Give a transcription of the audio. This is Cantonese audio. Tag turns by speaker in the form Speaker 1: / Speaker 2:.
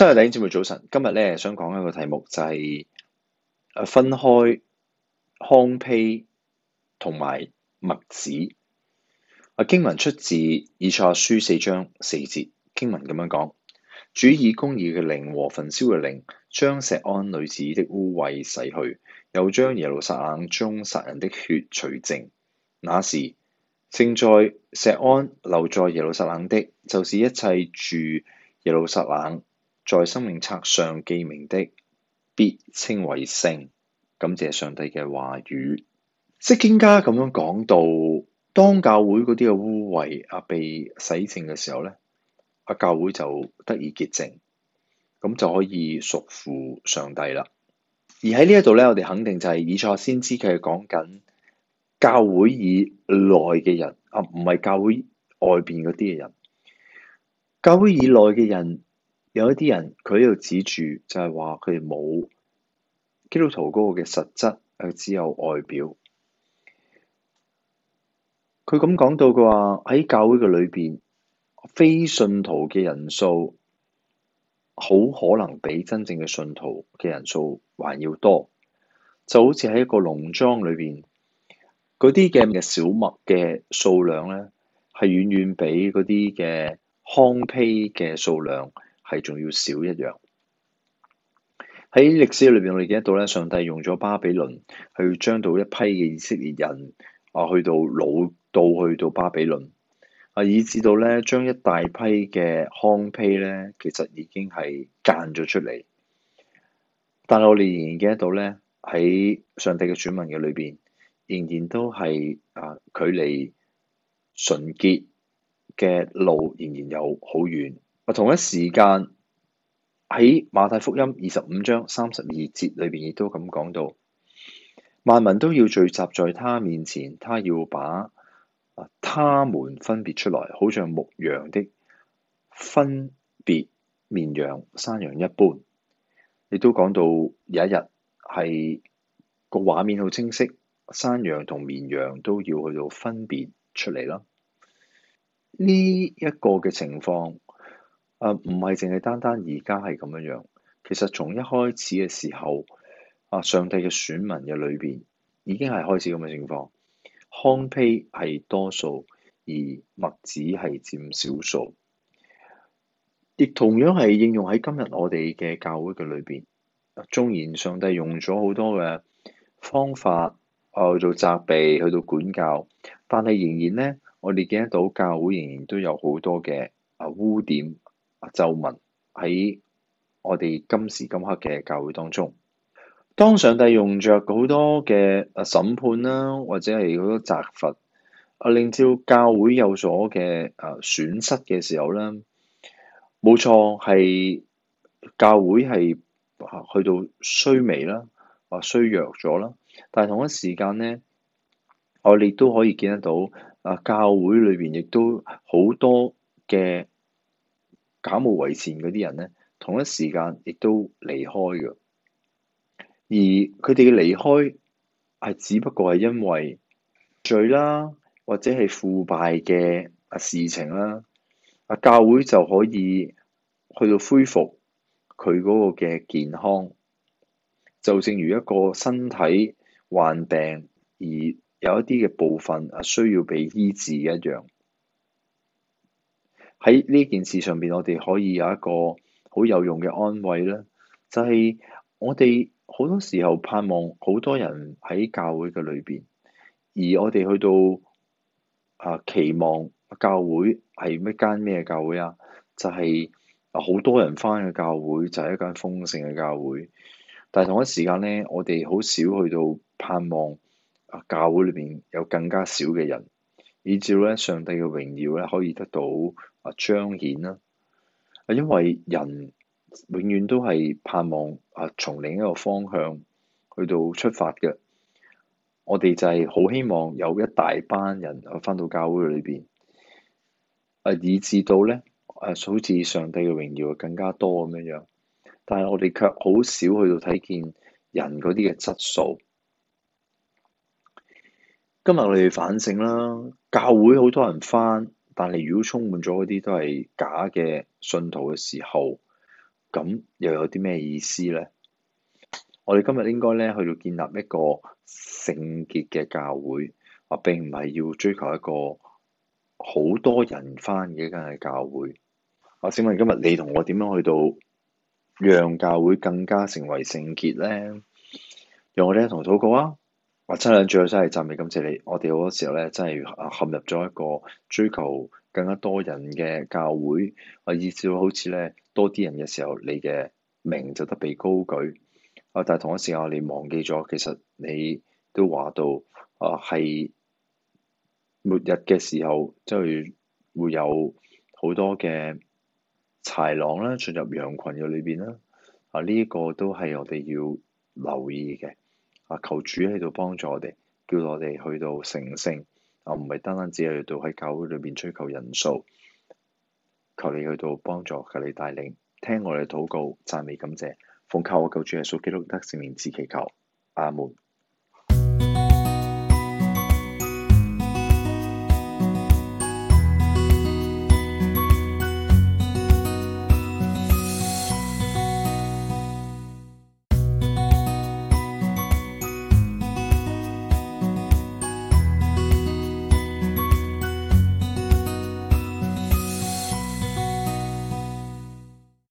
Speaker 1: 真係，兩姐妹早晨。今日咧，想講一個題目，就係、是、誒分開糠秕同埋麥子。啊，經文出自《以賽亞書》四章四節，經文咁樣講：主以公義嘅靈和焚燒嘅靈，將錫安女子的污穢洗去，又將耶路撒冷中殺人的血除淨。那時，剩在錫安、留在耶路撒冷的，就是一切住耶路撒冷，在生命冊上記名的，必稱為聖。感謝上帝嘅話語，即經家咁樣講到，當教會嗰啲嘅污穢啊被洗淨嘅時候咧，啊教會就得以潔淨，咁就可以屬乎上帝啦。而喺呢一度咧，我哋肯定就係以賽先知佢係講緊教會以內嘅人啊，唔係教會外邊嗰啲嘅人，教會以內嘅人。有一啲人佢喺度指住就係話佢冇基督徒嗰個嘅實質，誒，只有外表。佢咁講到嘅話喺教會嘅裏邊，非信徒嘅人數好可能比真正嘅信徒嘅人數還要多。就好似喺一個農莊裏邊，嗰啲嘅小麥嘅數量咧係遠遠比嗰啲嘅糠秕嘅數量，係仲要少一樣。喺歷史裏邊，我哋記得到咧，上帝用咗巴比倫去將到一批嘅以色列人啊，去到老到去到巴比倫啊，以至到咧將一大批嘅糠秕咧，其實已經係間咗出嚟。但係我哋仍然記得到咧，喺上帝嘅選民嘅裏邊，仍然都係啊，距離純潔嘅路仍然有好遠。同一時間喺馬太福音二十五章三十二節裏邊，亦都咁講到萬民都要聚集在他面前，他要把他們分別出來，好像牧羊的分別綿羊山羊一般。亦都講到有一日，係個畫面好清晰，山羊同綿羊都要去到分別出嚟啦。呢一個嘅情況。啊，唔係淨係單單而家係咁樣樣。其實從一開始嘅時候，啊，上帝嘅選民嘅裏邊已經係開始咁嘅情況。糠秕係多數，而麥子係佔少數，亦同樣係應用喺今日我哋嘅教會嘅裏邊。縱然上帝用咗好多嘅方法，去到責備，去到管教，但係仍然呢，我哋見得到教會仍然都有好多嘅啊污點，皺紋喺我哋今時今刻嘅教會當中，當上帝用着好多嘅啊審判啦，或者係好多責罰啊，令到教會有所嘅啊損失嘅時候咧，冇錯，係教會係去到衰微啦，或衰弱咗啦。但係同一時間咧，我哋都可以見得到啊，教會裏邊亦都好多嘅。假冒偽善嗰啲人咧，同一時間亦都離開嘅，而佢哋嘅離開係只不過係因為罪啦，或者係腐敗嘅事情啦，教會就可以去到恢復佢嗰個嘅健康，就正如一個身體患病而有一啲嘅部分啊需要被醫治一樣。喺呢件事上邊，我哋可以有一個好有用嘅安慰啦。就係、是、我哋好多時候盼望好多人喺教會嘅裏邊，而我哋去到啊、呃、期望教會係一間咩教會啊？就係啊好多人返去教會就係、是、一間豐盛嘅教會，但係同一時間咧，我哋好少去到盼望啊教會裏邊有更加少嘅人，以至咧上帝嘅榮耀咧可以得到。啊，彰顯啦！啊，因為人永遠都係盼望啊，從另一個方向去到出發嘅。我哋就係好希望有一大班人啊，翻到教會裏邊啊，以至到咧啊，數字上帝嘅榮耀更加多咁樣樣。但係我哋卻好少去到睇見人嗰啲嘅質素。今日我哋反省啦，教會好多人翻。但係，如果充滿咗嗰啲都係假嘅信徒嘅時候，咁又有啲咩意思咧？我哋今日應該咧去到建立一個聖潔嘅教會，啊並唔係要追求一個好多人返嘅一間嘅教會。啊，請問今日你同我點樣去到讓教會更加成為聖潔咧？讓我哋一同禱告啊！我、啊、真係最後真係讚美感謝你，我哋好多時候咧真係陷入咗一個追求更加多人嘅教會，啊，意料好似咧多啲人嘅時候，你嘅名就得被高舉。啊！但係同一時間，我哋忘記咗其實你都話到啊，係末日嘅時候，即、就、係、是、會有好多嘅豺狼啦，進入羊群嘅裏邊啦。啊！呢、這個都係我哋要留意嘅。啊！求主喺度幫助我哋，叫我哋去到成聖啊，唔係單單只係到喺教會裏邊追求人數。求你去到幫助，求你帶領，聽我哋禱告、讚美、感謝。奉靠我救主耶穌基督得勝名字祈求，阿門。